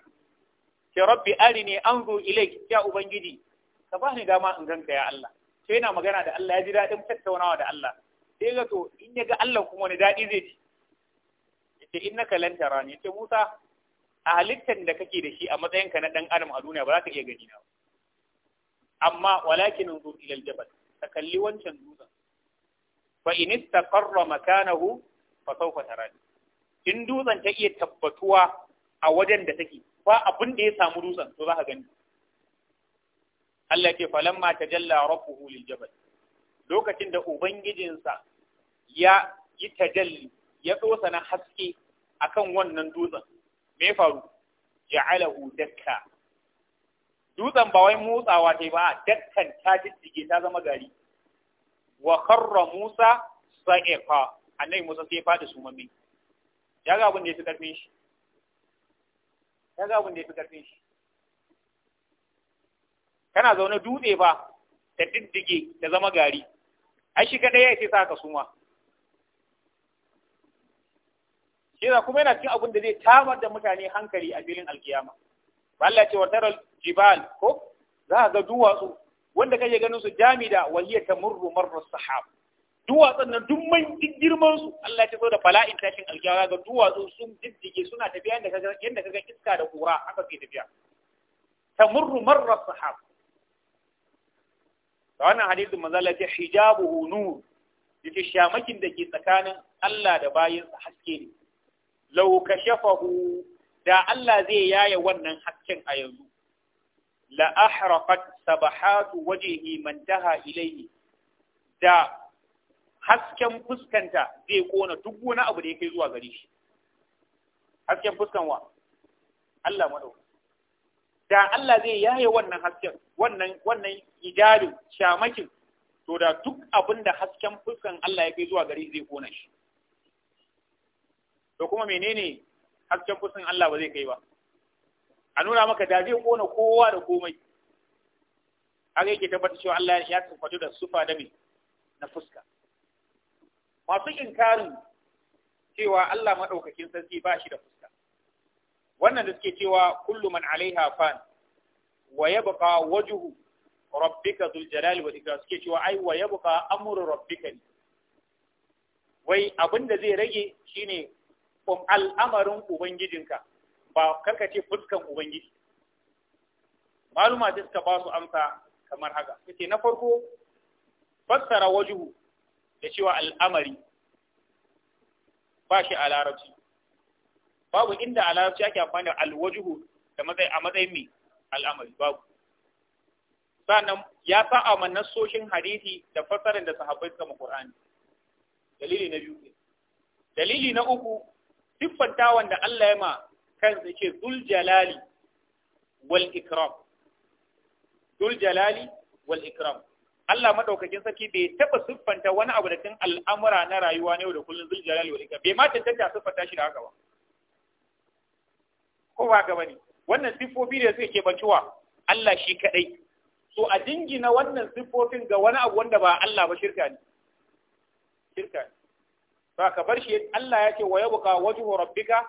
[SPEAKER 1] Ya rabbi arini anzu ilayki ya ubangiji ka bani dama in ganka ya Allah sai yana magana da Allah ya ji dadin tattaunawa da Allah sai ga to in ya ga Allah kuma ne dadi zai ji yace innaka lan tarani yace Musa a halittar da kake da shi a matsayin ka na dan adam a duniya ba za ka iya gani na amma walakin anzu ilal jabal ka kalli wancan dutsen fa in istaqarra makanahu fa sawfa tarani in dutsen ta iya tabbatuwa a wajen da take fa abin da ya samu dutsen to za ka gani Allah ke falamma tajalla rabbuhu lil jabal lokacin da ubangijinsa ya yi tajalli ya tsosa na haske akan wannan dutsen me faru ja'alahu dakka dutsen ba wai motsawa ta ba dakkan ta jijjige ta zama gari wa kharra musa sa'iqa annabi musa sai ya su sumami ya ga abin da ya fi ƙarfin shi kana zaune dutse ba ta diddige ta zama gari ai shi kadai ya ce sa ka suma shi za kuma yana cikin abin da zai tamar da mutane hankali a filin alkiyama Ba Allah ce wata jibal ko za a ga duwatsu wanda kake ganin su jami da ta murru marar sahab duwatsun nan duk man girman su Allah ya zo da bala'in tashin alkiyawa ga duwatsu sun diddige suna tafiya yadda kaga yadda kaga iska da kura haka ke tafiya tamurru marra sahab da wannan hadisin manzo Allah ya hijabuhu nur yace shamakin da ke tsakanin Allah da bayinsa haske ne law kashafahu da Allah zai yaya wannan hasken a yanzu la ahraqat sabahatu wajhi man taha ilayhi da hasken fuskanta zai kona duk wani abu da ya kai zuwa gare shi hasken fuskan wa Allah madau da Allah zai yaye wannan hasken wannan wannan idarin shamakin to da duk abin da hasken fuskan Allah ya kai zuwa gare zai kona shi to kuma menene hasken fuskan Allah ba zai kai ba a nuna maka da zai kona kowa da komai Har yake tabbata cewa Allah ya tsufa da sufa da mai na fuska masu inkarin cewa Allah maɗaukakin sarki ba shi da fuska wannan da suke cewa kullu man alaiha fan wa yabqa wajhu rabbika dhul jalali wal suke cewa ai wa yabqa amru rabbika wai abinda zai rage shine um al'amarin ubangijinka ba karka ce fuskan ubangiji maluma ta suka ba su amsa kamar haka suke na farko fassara wajuhu da cewa al'amari ba shi a larabci babu inda a larabci ake amfani da alwajuhu da matsayi a matsayin mai al'amari babu sannan ya sa a manassoshin hadisi da fasarar da sahabbai suka Qur'ani dalili na biyu dalili na uku siffanta wanda Allah ya ma kansa ce zul jalali wal ikram zul jalali wal ikram Allah madaukakin sarki bai taba siffanta wani abu da tun al'amura na rayuwa ne da kullun zul jalali wal ikram bai ma tantance a siffanta shi da haka ba ko ba ga bane wannan siffofi da suke kebancewa Allah shi kadai so a dingina wannan siffofin ga wani abu wanda ba Allah ba shirka ne shirka ne ba ka bar shi Allah ya ce wa yabqa wajhu rabbika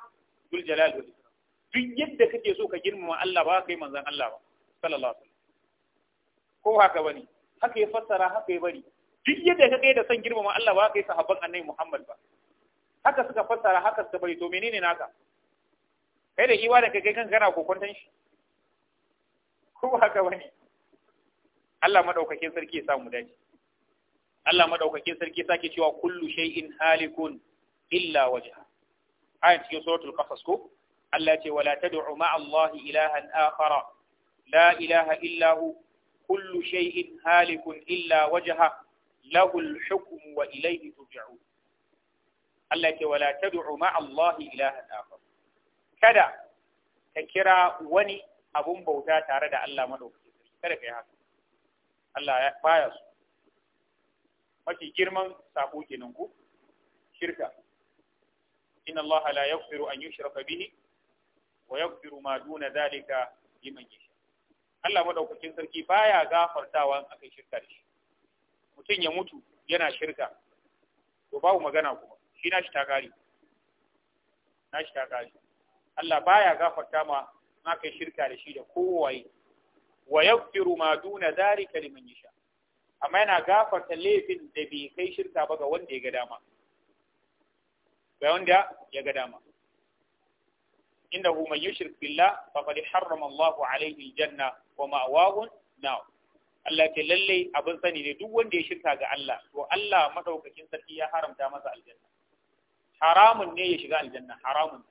[SPEAKER 1] zul jalal wal ikram duk yadda kake so ka girmama Allah ba kai manzon Allah ba sallallahu alaihi wasallam ko haka bane haka ya fassara haka ya bari duk yadda ka kai da son girmama Allah ba ka yi sahabban annabi Muhammad ba haka suka fassara haka suka bari to menene naka kai da iwa da kai kan kana kokonton shi ko haka wani Allah madaukakin sarki ya samu dace Allah madaukakin sarki sake cewa kullu shay'in halikun illa wajha ayat cikin suratul qasas ko Allah ya ce wala tad'u ma'a Allah ilahan akhara la ilaha illa hu kullu shay'in halikun illa wajaha, lahu al-hukm wa ilayhi Allah ke wala tad'u ma'a Allah ilahan akhar kada ka kira wani abun bauta tare da Allah madaukakin sarki kada kai haka Allah ya baya su mafi girman sabo kenan ku shirka inna Allah la yaghfiru an bihi wa ma Allah madaukakin sarki baya gafartawa in akai shirka da shi mutum ya mutu yana shirka to babu magana kuma shi na shi ta Na shi ta kare Allah baya gafarta ma in akai shirka da shi da kowaye wa yaghfiru ma duna dhalika liman yasha amma yana gafarta laifin da bai kai shirka ba ga wanda ya ga dama ga wanda ya ga dama innahu man yushrik billah faqad harrama Allahu alaihi janna, wa ma'wahu na Allah ce lalle abin sani ne duk wanda ya shirka ga Allah to Allah madaukakin sarki ya haramta masa aljanna haramun ne ya shiga aljanna haramun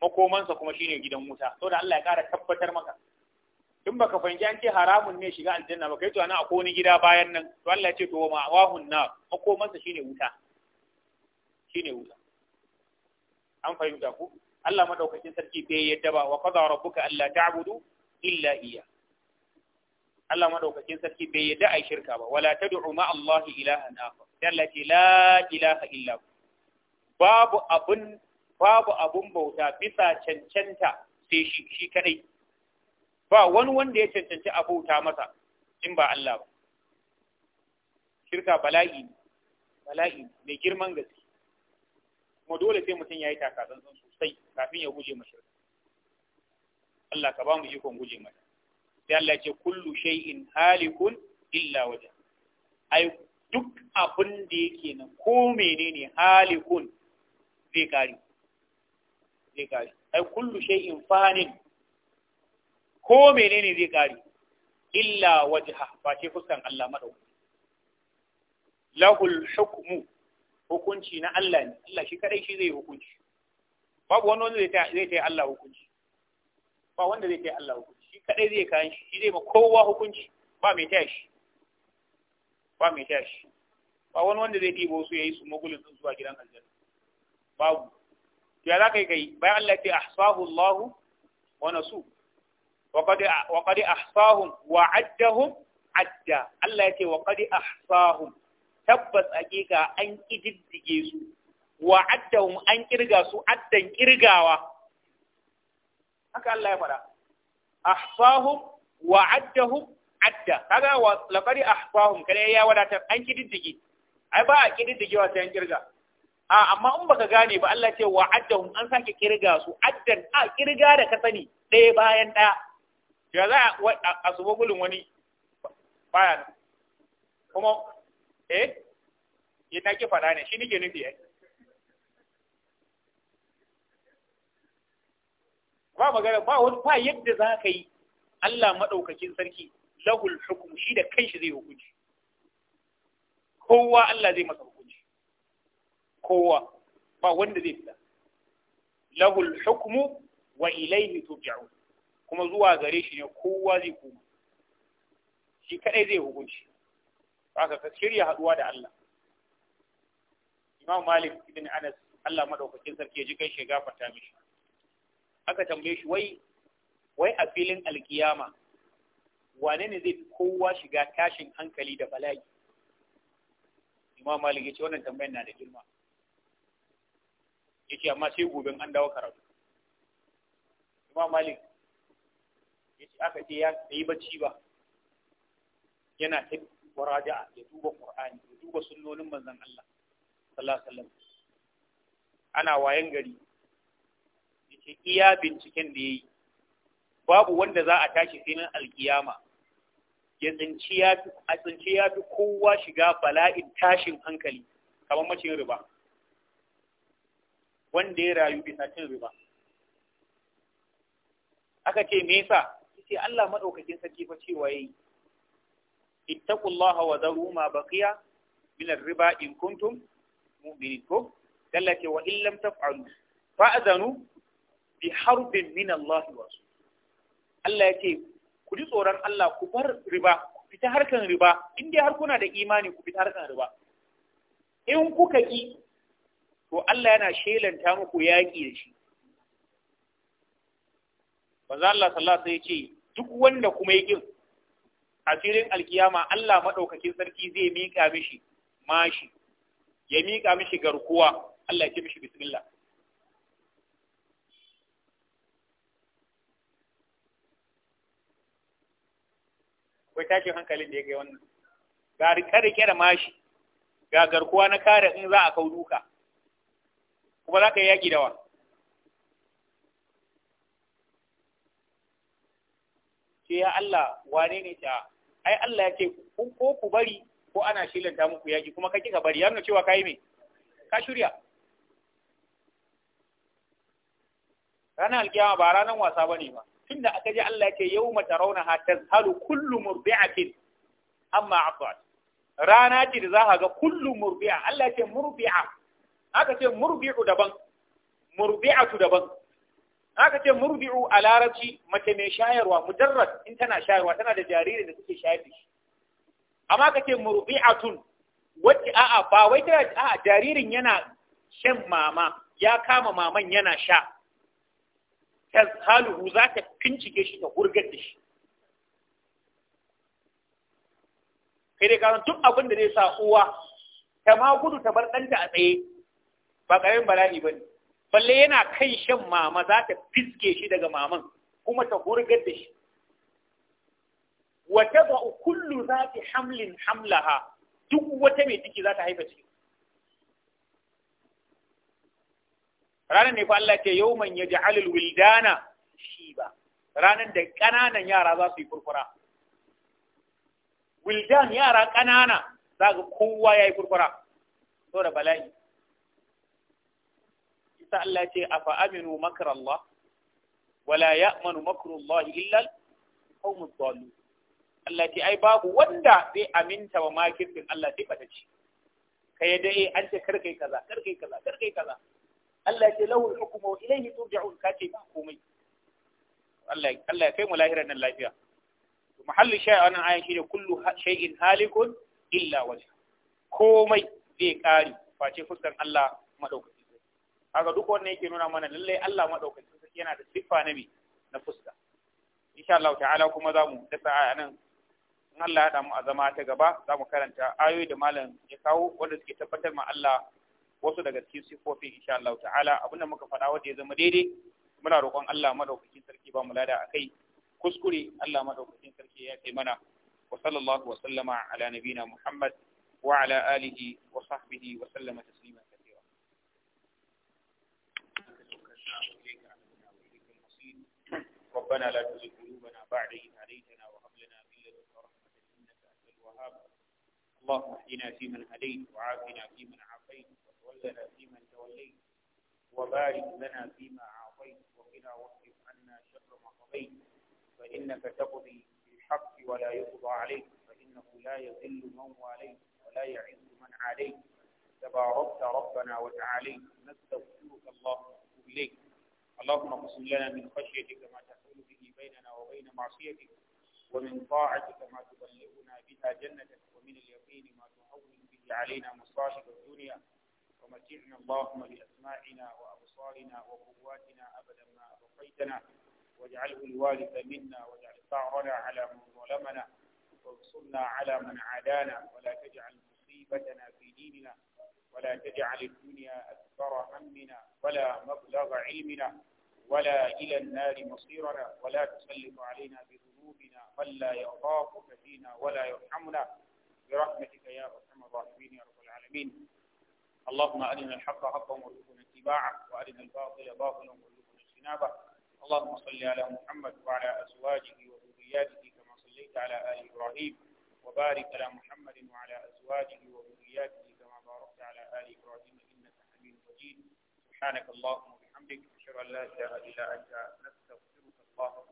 [SPEAKER 1] makomansa kuma shine gidan wuta saboda Allah ya kara tabbatar maka Tun baka fahimci an ce haramun ne ya shiga aljanna ba kai to ana akwai wani gida bayan nan to Allah ya ce to wa ma'awahun na makomansa shine wuta shine wuta an fahimta ku Allah madaukakin sarki bai yadda ba wa qadara rabbuka ta abudu illa iya Allah madaukakin sarki bai yadda ai shirka ba wala tad'u ma Allah ilaha ilahan akhar yalla ce la ilaha illa babu abun babu abun bauta bisa cancanta sai shi shi kadai ba wani wanda ya cancanci a bauta masa in ba Allah ba shirka bala'i bala'i mai girman gaske kuma dole sai mutum ya yi takatsantsan sosai kafin ya guje ma shirka Allah ka ba mu ikon guje mata sai Allah ce kullu shay'in halikun illa waje. ai duk abin da yake nan ko menene halikun zai kare zai kare ai kullu shay'in fanin ko menene zai kare illa wajha ba ce fuskan Allah madau lahul hukmu hukunci na Allah ne Allah shi kadai shi zai hukunci babu wani wanda zai ta Allah hukunci ba wanda zai ta Allah hukunci shi kadai zai kayan shi shi zai ma kowa hukunci ba mai taya shi ba mai taya shi ba wani wanda zai ɗibo su yi su mugulin sun zuwa gidan aljanna babu ya za ka yi kai bayan Allah ya ce ahsahu Allah wa nasu wa qad wa qad wa addahum adda Allah ya ce wa qad ahsahum tabbas hakika an kididdige su wa addahum an kirga su addan kirgawa haka Allah ya fara ahsahum wa addahum adda kaga wa laqari ahsahum kare ya wadata an kididdige ai ba a wa sai an kirga a amma in baka gane ba Allah ce wa addahum an sake kirga su addan a kirga da ka sani ɗaya bayan ɗaya ya za a suba gulun wani bayan kuma eh yana na ki ne shi nike nufi ai ba magana ba wani ba yadda za ka yi Allah maɗaukakin sarki lahul hukum shi da kanshi zai hukunci kowa Allah zai masa hukunci kowa ba wanda zai fita lahul hukmu wa ilaihi turja'un kuma zuwa gare shi ne kowa zai koma shi kadai zai hukunci haka ka shirya haduwa da Allah Imam Malik ibn Anas Allah madaukakin sarki ya ji kai shi fata mishi aka tambaye shi wai wai a filin alkiyama wane ne zai kowa shiga tashin hankali da bala'i Imam Malik ya ce wannan tambayar na da girma ya ce amma sai gobe an dawo karatu Imam Malik ya ce aka ce ya yi bacci ba yana ta waraja'a ya duba Qur'ani ya duba sunnonin manzon Allah sallallahu alaihi ana wayan gari yace iya binciken da yayi babu wanda za a tashi sai nan alkiyama ya tsinci ya fi a tsinci ya fi kowa shiga bala'in tashin hankali kamar macin riba wanda ya rayu bisa cin riba aka ce me yasa yace Allah madaukakin sarki fa cewa yayi ittaqullaha wa dharu ma baqiya min riba in kuntum mu'minin ko Allah ce wa in taf'alu fa'zanu bi harbin min Allah wa Allah ya ce ku ji tsoron Allah ku bar riba ku fita harkan riba in dai har kuna da imani ku fita harkan riba in kuka ki to Allah yana shelanta muku yaƙi da shi manzo Allah sallallahu alaihi ce duk wanda kuma ya kin a filin alkiyama Allah maɗaukakin sarki zai mika mishi mashi ya miƙa mishi garkuwa Allah ya ce mishi bismillah akwai tashin hankalin da ya kai wannan ga rike-rike da mashi ga garkuwa na kare in za a kau duka kuma za ka yi yaƙi da wa ce ya Allah wane ne ta ai Allah ya ce kun ko ku bari ko ana shilanta muku yaki kuma kake ka bari ya nuna cewa kai me ka shirya ranar alkiyama ba ranar wasa bane ba tunda aka ji Allah yake rauna ha tazhalu kullu murbi'atin amma afat rana ce da za ka ga kullu murbi'a Allah yake ce murbi'a aka ce murbi'u daban murbi'atu daban aka ce murbi'u a larabci mace mai shayarwa mujarrad in tana shayarwa tana da jaririn da take shayar da shi amma ka ce murbi'atun wacce a'a ba wai tana a'a jaririn yana shan mama ya kama maman yana sha haluhu za ta fincike shi ta hurgar da shi kai dai kawo tun abin da zai sa uwa ta ma gudu ta bar ɗanta a tsaye ba ƙarin bala'i ba ne balle yana kan shan mama za ta fiske shi daga maman kuma ta hurgar da shi wa tada'u kullu zati hamlin hamlaha duk wata mai ciki za ta haifa ciki ranar ne fa Allah ce yawman yaj'alul wildana ba, ranar da ƙananan yara za su yi kurkura wildan yara ƙanana za ga kowa ya yi kurkura saboda bala'i isa Allah ce afa aminu makar Allah wala ya'manu makru Allah illa Allah ce ai babu wanda zai aminta wa makircin Allah sai bata ci ka yi eh an ce kar kai kaza kar kai kaza kar kai kaza Allah ce lahu al-hukmu wa ilayhi turja'un ka ce ba komai Allah Allah ya kai mu lahirar nan lafiya mahallu shay'a wannan ayan shi ne kullu shay'in halikun illa wajha komai zai kare face fuskan Allah madaukakin sarki haka duk wannan yake nuna mana lallai Allah madaukakin sarki yana da siffa na bi na fuska insha Allah ta'ala kuma za mu dasa aya nan in Allah ya damu a zama ta gaba za mu karanta ayoyi da malam ya kawo wanda suke tabbatar ma Allah wasu daga cikin sifofin insha Allah ta'ala abinda muka faɗa wanda ya zama daidai muna roƙon Allah madaukakin sarki ba mu lada akai kuskure Allah madaukakin sarki ya kai mana wa sallallahu wa sallama ala nabina Muhammad wa ala alihi wa sahbihi wa sallama taslima ربنا لا تزغ قلوبنا بعد إذ اللهم اهدنا فيمن هديت وعافنا فيمن عافيت وتولنا فيمن توليت وبارك لنا فيما أعطيت وقنا واصرف عنا شر ما قضيت فإنك تقضي بالحق ولا يقضى عليك فإنه لا يذل من واليت ولا يعز من عليك تباركت ربنا وتعاليت نستغفرك اللهم إليك اللهم اقسم لنا من خشيتك ما تحول به بيننا وبين معصيتك ومن طاعتك ما تبلغنا بها جنتك ومن اليقين ما تهون به علينا مصاحب الدنيا ومتعنا اللهم بأسماعنا وأبصارنا وقواتنا أبدا ما أبقيتنا واجعله الوارث منا واجعل ثأرنا على من ظلمنا وانصرنا على من عادانا ولا تجعل مصيبتنا في ديننا ولا تجعل الدنيا أكبر همنا ولا مبلغ علمنا ولا إلى النار مصيرنا ولا تسلط علينا بذنوبنا ذنوبنا من لا يخافك فينا ولا يرحمنا برحمتك يا أرحم الراحمين يا رب العالمين اللهم أرنا الحق حقا وارزقنا اتباعه وأرنا الباطل باطلا وارزقنا اجتنابه اللهم صل على محمد وعلى أزواجه وذرياته كما صليت على آل إبراهيم وبارك على محمد وعلى أزواجه وذرياته كما باركت على آل إبراهيم إنك حميد مجيد سبحانك اللهم وبحمدك أشهد أن لا إله إلا أنت نستغفرك اللهم